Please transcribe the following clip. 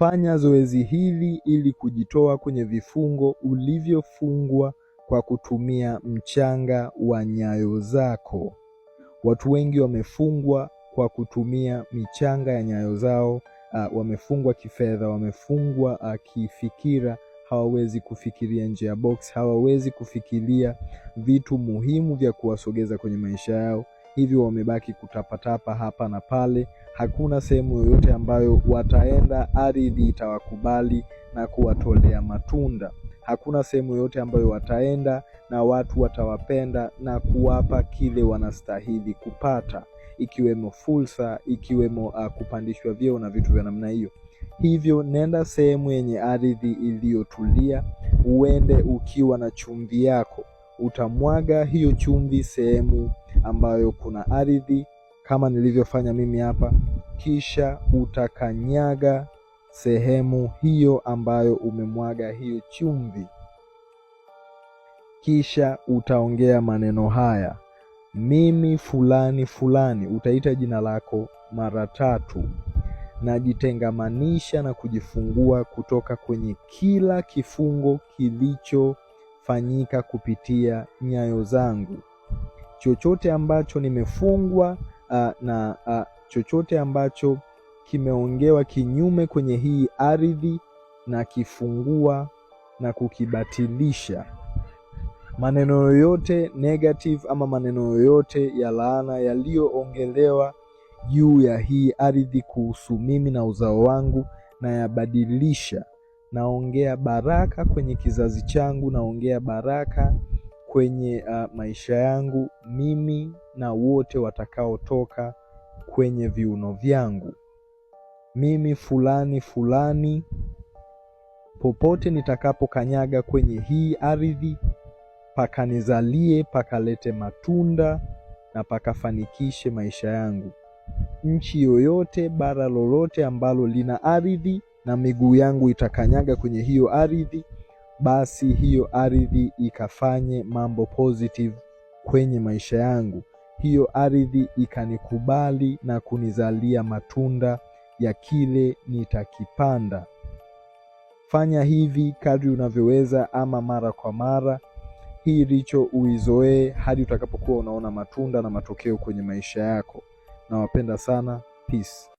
Fanya zoezi hili ili kujitoa kwenye vifungo ulivyofungwa kwa kutumia mchanga wa nyayo zako. Watu wengi wamefungwa kwa kutumia michanga ya nyayo zao. Uh, wamefungwa kifedha, wamefungwa uh, kifikira. Hawawezi kufikiria nje ya box, hawawezi kufikiria vitu muhimu vya kuwasogeza kwenye maisha yao hivyo wamebaki kutapatapa hapa na pale. Hakuna sehemu yoyote ambayo wataenda ardhi itawakubali na kuwatolea matunda. Hakuna sehemu yoyote ambayo wataenda na watu watawapenda na kuwapa kile wanastahili kupata, ikiwemo fursa, ikiwemo uh, kupandishwa vyeo na vitu vya namna hiyo. Hivyo nenda sehemu yenye ardhi iliyotulia, uende ukiwa na chumvi yako, utamwaga hiyo chumvi sehemu ambayo kuna ardhi kama nilivyofanya mimi hapa, kisha utakanyaga sehemu hiyo ambayo umemwaga hiyo chumvi, kisha utaongea maneno haya: mimi fulani fulani, utaita jina lako mara tatu, najitengamanisha na kujifungua kutoka kwenye kila kifungo kilichofanyika kupitia nyayo zangu chochote ambacho nimefungwa uh, na uh, chochote ambacho kimeongewa kinyume kwenye hii ardhi na kifungua na kukibatilisha. Maneno yoyote negative ama maneno yoyote ya laana yaliyoongelewa juu ya hii ardhi kuhusu mimi na uzao wangu, na yabadilisha. Naongea baraka kwenye kizazi changu, naongea baraka kwenye uh, maisha yangu mimi na wote watakaotoka kwenye viuno vyangu. Mimi fulani fulani, popote nitakapokanyaga kwenye hii ardhi, pakanizalie, pakalete matunda na pakafanikishe maisha yangu. Nchi yoyote, bara lolote ambalo lina ardhi na miguu yangu itakanyaga kwenye hiyo ardhi basi hiyo ardhi ikafanye mambo positive kwenye maisha yangu. Hiyo ardhi ikanikubali na kunizalia matunda ya kile nitakipanda. Fanya hivi kadri unavyoweza, ama mara kwa mara. Hii licho uizoee hadi utakapokuwa unaona matunda na matokeo kwenye maisha yako. Nawapenda sana, peace.